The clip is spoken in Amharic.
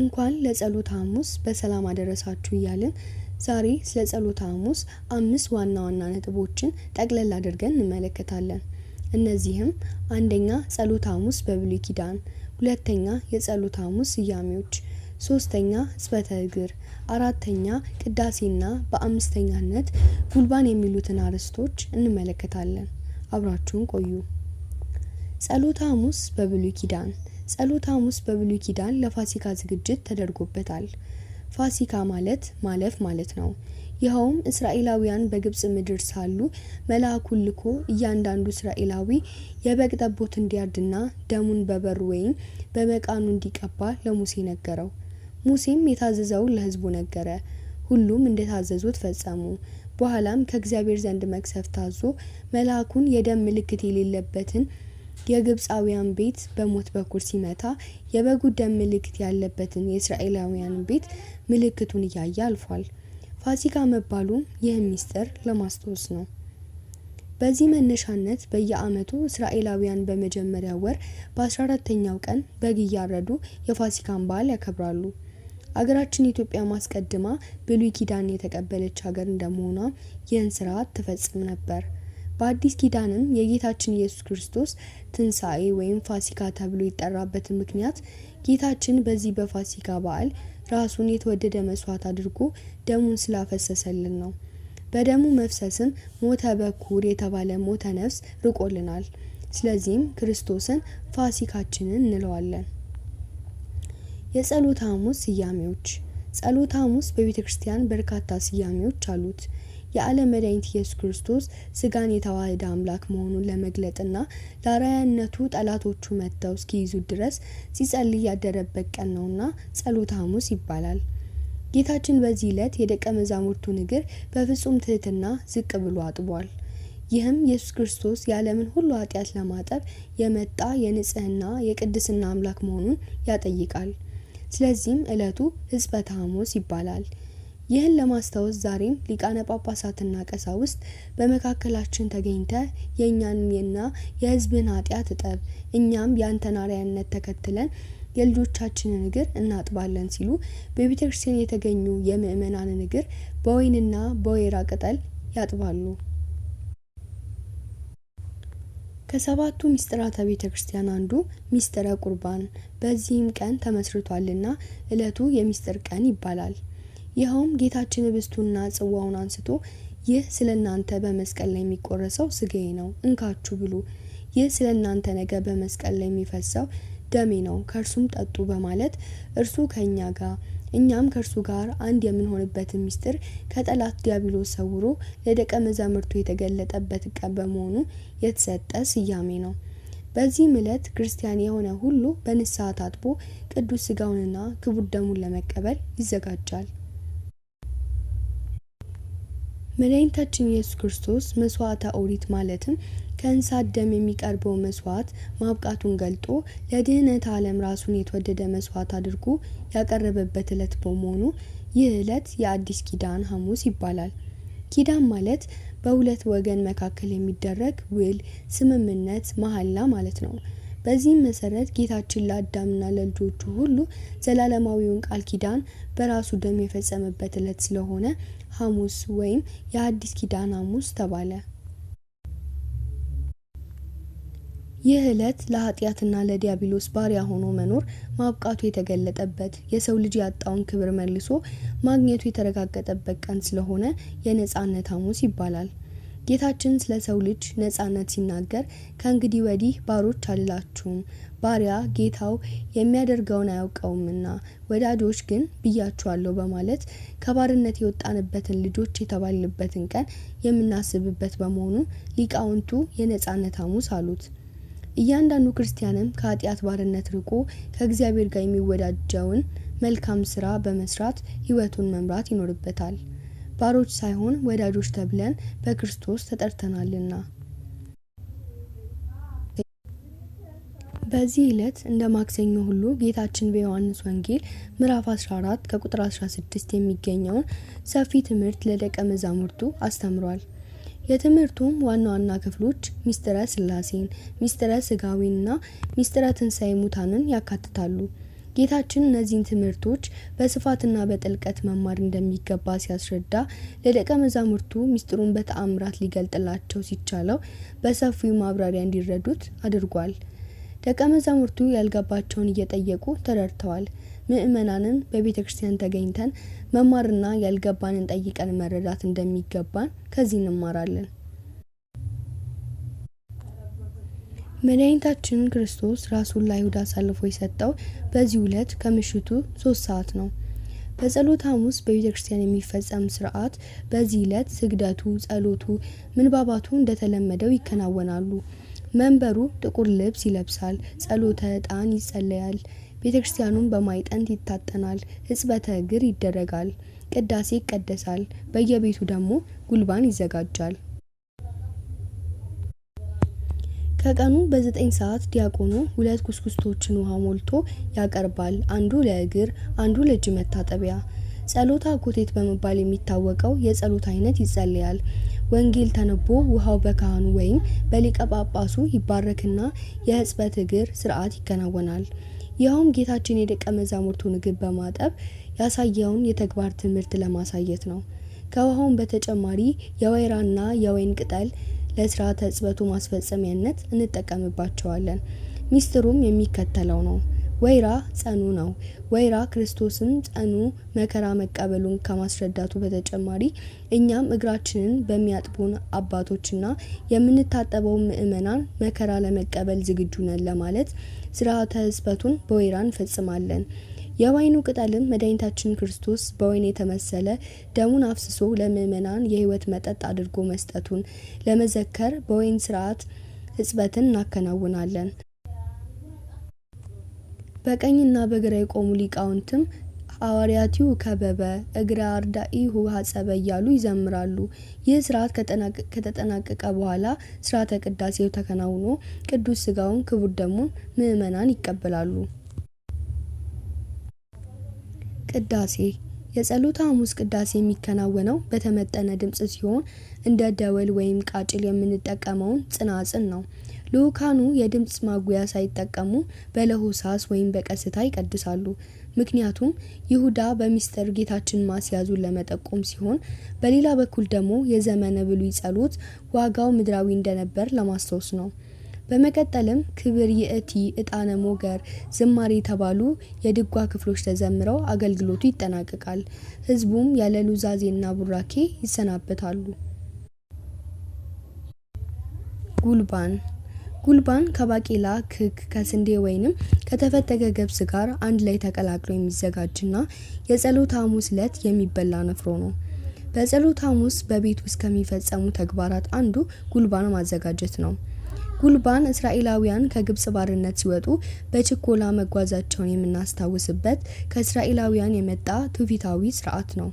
እንኳን ለጸሎተ ሐሙስ በሰላም አደረሳችሁ እያልን ዛሬ ስለ ጸሎተ ሐሙስ አምስት ዋና ዋና ነጥቦችን ጠቅለል አድርገን እንመለከታለን። እነዚህም አንደኛ ጸሎተ ሐሙስ በብሉይ ኪዳን፣ ሁለተኛ የጸሎተ ሐሙስ ስያሜዎች፣ ሶስተኛ ሕጽበተ እግር፣ አራተኛ ቅዳሴና በአምስተኛነት ጉልባን የሚሉትን አርዕስቶች እንመለከታለን። አብራችሁን ቆዩ። ጸሎተ ሐሙስ በብሉይ ኪዳን ጸሎተ ሐሙስ በብሉይ ኪዳን ለፋሲካ ዝግጅት ተደርጎበታል። ፋሲካ ማለት ማለፍ ማለት ነው። ይኸውም እስራኤላውያን በግብፅ ምድር ሳሉ መልአኩን ልኮ እያንዳንዱ እስራኤላዊ የበግ ጠቦት እንዲያርድና ደሙን በበሩ ወይም በመቃኑ እንዲቀባ ለሙሴ ነገረው። ሙሴም የታዘዘውን ለሕዝቡ ነገረ። ሁሉም እንደታዘዙት ፈጸሙ። በኋላም ከእግዚአብሔር ዘንድ መቅሰፍ ታዞ መልአኩን የደም ምልክት የሌለበትን የግብፃውያን ቤት በሞት በኩል ሲመታ የበጉ ደም ምልክት ያለበትን የእስራኤላውያን ቤት ምልክቱን እያየ አልፏል። ፋሲካ መባሉ ይህ ምስጢር ለማስታወስ ነው። በዚህ መነሻነት በየዓመቱ እስራኤላውያን በመጀመሪያው ወር በ14ተኛው ቀን በግ እያረዱ የፋሲካን በዓል ያከብራሉ። አገራችን ኢትዮጵያ ማስቀድማ ብሉይ ኪዳን የተቀበለች ሀገር እንደመሆኗ ይህን ስርዓት ትፈጽም ነበር። በአዲስ ኪዳንም የጌታችን ኢየሱስ ክርስቶስ ትንሣኤ ወይም ፋሲካ ተብሎ ይጠራበትን ምክንያት ጌታችን በዚህ በፋሲካ በዓል ራሱን የተወደደ መስዋዕት አድርጎ ደሙን ስላፈሰሰልን ነው። በደሙ መፍሰስም ሞተ በኩር የተባለ ሞተ ነፍስ ርቆልናል። ስለዚህም ክርስቶስን ፋሲካችንን እንለዋለን። የጸሎተ ሐሙስ ስያሜዎች ጸሎተ ሐሙስ በቤተ ክርስቲያን በርካታ ስያሜዎች አሉት። የዓለም መድኃኒት ኢየሱስ ክርስቶስ ስጋን የተዋህደ አምላክ መሆኑን ለመግለጥና ለአርአያነቱ ጠላቶቹ መጥተው እስኪይዙ ድረስ ሲጸልይ ያደረበት ቀን ነውና ጸሎተ ሐሙስ ይባላል። ጌታችን በዚህ ዕለት የደቀ መዛሙርቱን እግር በፍጹም ትህትና ዝቅ ብሎ አጥቧል። ይህም ኢየሱስ ክርስቶስ የዓለምን ሁሉ ኃጢአት ለማጠብ የመጣ የንጽህና የቅድስና አምላክ መሆኑን ያጠይቃል። ስለዚህም ዕለቱ ሕጽበተ ሐሙስ ይባላል። ይህን ለማስታወስ ዛሬም ሊቃነ ጳጳሳትና ቀሳውስት በመካከላችን ተገኝተ የእኛንና የሕዝብን ኃጢአት እጠብ፣ እኛም የአንተን ተከትለን የልጆቻችንን እግር እናጥባለን ሲሉ በቤተ ክርስቲያን የተገኙ የምእመናንን እግር በወይንና በወይራ ቅጠል ያጥባሉ። ከሰባቱ ሚስጥራተ ቤተ ክርስቲያን አንዱ ሚስጥረ ቁርባን በዚህም ቀን ተመስርቷልና እለቱ የሚስጥር ቀን ይባላል። ይኸውም ጌታችን ህብስቱንና ጽዋውን አንስቶ ይህ ስለ እናንተ በመስቀል ላይ የሚቆረሰው ስጋዬ ነው፣ እንካችሁ ብሉ። ይህ ስለ እናንተ ነገ በመስቀል ላይ የሚፈሰው ደሜ ነው፣ ከእርሱም ጠጡ በማለት እርሱ ከእኛ ጋር እኛም ከእርሱ ጋር አንድ የምንሆንበትን ምስጢር ከጠላት ዲያብሎስ ሰውሮ ለደቀ መዛሙርቱ የተገለጠበት ቀን በመሆኑ የተሰጠ ስያሜ ነው። በዚህም ዕለት ክርስቲያን የሆነ ሁሉ በንስሐ ታጥቦ ቅዱስ ስጋውንና ክቡር ደሙን ለመቀበል ይዘጋጃል። መድኃኒታችን ኢየሱስ ክርስቶስ መስዋዕተ ኦሪት ማለትም ከእንስሳት ደም የሚቀርበው መስዋዕት ማብቃቱን ገልጦ ለድህነት ዓለም ራሱን የተወደደ መስዋዕት አድርጎ ያቀረበበት ዕለት በመሆኑ ይህ ዕለት የአዲስ ኪዳን ሐሙስ ይባላል። ኪዳን ማለት በሁለት ወገን መካከል የሚደረግ ውል፣ ስምምነት፣ መሐላ ማለት ነው። በዚህም መሰረት ጌታችን ለአዳምና ለልጆቹ ሁሉ ዘላለማዊውን ቃል ኪዳን በራሱ ደም የፈጸመበት ዕለት ስለሆነ ሐሙስ ወይም የአዲስ ኪዳን ሐሙስ ተባለ። ይህ ዕለት ለኃጢአትና ለዲያብሎስ ባሪያ ሆኖ መኖር ማብቃቱ የተገለጠበት የሰው ልጅ ያጣውን ክብር መልሶ ማግኘቱ የተረጋገጠበት ቀን ስለሆነ የነጻነት ሐሙስ ይባላል። ጌታችን ስለ ሰው ልጅ ነጻነት ሲናገር ከእንግዲህ ወዲህ ባሮች አልላችሁም፣ ባሪያ ጌታው የሚያደርገውን አያውቀውምና፣ ወዳጆች ግን ብያችኋለሁ በማለት ከባርነት የወጣንበትን ልጆች የተባልንበትን ቀን የምናስብበት በመሆኑ ሊቃውንቱ የነጻነት ሐሙስ አሉት። እያንዳንዱ ክርስቲያንም ከኃጢአት ባርነት ርቆ ከእግዚአብሔር ጋር የሚወዳጀውን መልካም ስራ በመስራት ህይወቱን መምራት ይኖርበታል። ባሮች ሳይሆን ወዳጆች ተብለን በክርስቶስ ተጠርተናልና። በዚህ ዕለት እንደ ማክሰኞ ሁሉ ጌታችን በዮሐንስ ወንጌል ምዕራፍ 14 ከቁጥር 16 የሚገኘውን ሰፊ ትምህርት ለደቀ መዛሙርቱ አስተምሯል። የትምህርቱም ዋና ዋና ክፍሎች ሚስጥረ ስላሴን ሚስጥረ ና ሚስጥረ ትንሣኤ ሙታንን ያካትታሉ። ጌታችን እነዚህን ትምህርቶች በስፋትና በጥልቀት መማር እንደሚገባ ሲያስረዳ ለደቀ መዛሙርቱ ሚስጥሩን በተአምራት ሊገልጥላቸው ሲቻለው በሰፊው ማብራሪያ እንዲረዱት አድርጓል። ደቀ መዛሙርቱ ያልገባቸውን እየጠየቁ ተረድተዋል። ምእመናንን በቤተ ክርስቲያን ተገኝተን መማርና ያልገባንን ጠይቀን መረዳት እንደሚገባን ከዚህ እንማራለን። መድኃኒታችን ክርስቶስ ራሱን ለአይሁድ አሳልፎ የሰጠው በዚህ ዕለት ከምሽቱ ሶስት ሰዓት ነው። በጸሎት ሐሙስ በቤተ ክርስቲያን የሚፈጸም ስርዓት በዚህ ዕለት ስግደቱ፣ ጸሎቱ፣ ምንባባቱ እንደተለመደው ይከናወናሉ። መንበሩ ጥቁር ልብስ ይለብሳል። ጸሎተ ዕጣን ይጸለያል። ቤተ ክርስቲያኑን በማይጠንት ይታጠናል። ሕጽበተ እግር ይደረጋል። ቅዳሴ ይቀደሳል። በየቤቱ ደግሞ ጉልባን ይዘጋጃል። ከቀኑ በዘጠኝ ሰዓት ዲያቆኑ ሁለት ኩስኩስቶችን ውሃ ሞልቶ ያቀርባል። አንዱ ለእግር፣ አንዱ ለእጅ መታጠቢያ። ጸሎታ ኮቴት በመባል የሚታወቀው የጸሎት አይነት ይጸለያል። ወንጌል ተነቦ ውሃው በካህኑ ወይም በሊቀ ጳጳሱ ይባረክና የህጽበት እግር ስርዓት ይከናወናል። ይኸውም ጌታችን የደቀ መዛሙርቱን እግር በማጠብ ያሳየውን የተግባር ትምህርት ለማሳየት ነው። ከውሃውም በተጨማሪ የወይራና የወይን ቅጠል ለስርዓተ ሕጽበቱ ማስፈጸሚያነት እንጠቀምባቸዋለን። ሚስጥሩም የሚከተለው ነው። ወይራ ጸኑ ነው። ወይራ ክርስቶስን ጸኑ መከራ መቀበሉን ከማስረዳቱ በተጨማሪ እኛም እግራችንን በሚያጥቡን አባቶችና የምንታጠበው ምእመናን መከራ ለመቀበል ዝግጁ ነን ለማለት ስርዓተ ሕጽበቱን በወይራ እንፈጽማለን። የወይኑ ቅጠልም መድኃኒታችን ክርስቶስ በወይን የተመሰለ ደሙን አፍስሶ ለምእመናን የህይወት መጠጥ አድርጎ መስጠቱን ለመዘከር በወይን ስርዓት እጽበትን እናከናውናለን። በቀኝና በግራ የቆሙ ሊቃውንትም አዋርያቲው ከበበ እግረ አርዳኢሁ ሀጸበ እያሉ ይዘምራሉ። ይህ ስርዓት ከተጠናቀቀ በኋላ ስርዓተ ቅዳሴው ተከናውኖ ቅዱስ ስጋውን ክቡር ደሙን ምእመናን ይቀበላሉ። ቅዳሴ የጸሎተ ሐሙስ ቅዳሴ የሚከናወነው በተመጠነ ድምጽ ሲሆን እንደ ደወል ወይም ቃጭል የምንጠቀመውን ጽናጽን ነው። ልኡካኑ የድምፅ ማጉያ ሳይጠቀሙ በለሆሳስ ወይም በቀስታ ይቀድሳሉ። ምክንያቱም ይሁዳ በሚስጥር ጌታችን ማስያዙን ለመጠቆም ሲሆን፣ በሌላ በኩል ደግሞ የዘመነ ብሉይ ጸሎት ዋጋው ምድራዊ እንደነበር ለማስታወስ ነው። በመቀጠልም ክብር ይእቲ፣ እጣነ ሞገር፣ ዝማሬ የተባሉ የድጓ ክፍሎች ተዘምረው አገልግሎቱ ይጠናቀቃል። ህዝቡም ያለ ኑዛዜና ቡራኬ ይሰናበታሉ። ጉልባን ጉልባን ከባቄላ ክክ፣ ከስንዴ ወይንም ከተፈተገ ገብስ ጋር አንድ ላይ ተቀላቅሎ የሚዘጋጅና የጸሎት ሐሙስ ዕለት የሚበላ ንፍሮ ነው። በጸሎት ሐሙስ በቤት ውስጥ ከሚፈጸሙ ተግባራት አንዱ ጉልባን ማዘጋጀት ነው። ጉልባን እስራኤላውያን ከግብጽ ባርነት ሲወጡ በችኮላ መጓዛቸውን የምናስታውስበት ከእስራኤላውያን የመጣ ትውፊታዊ ስርዓት ነው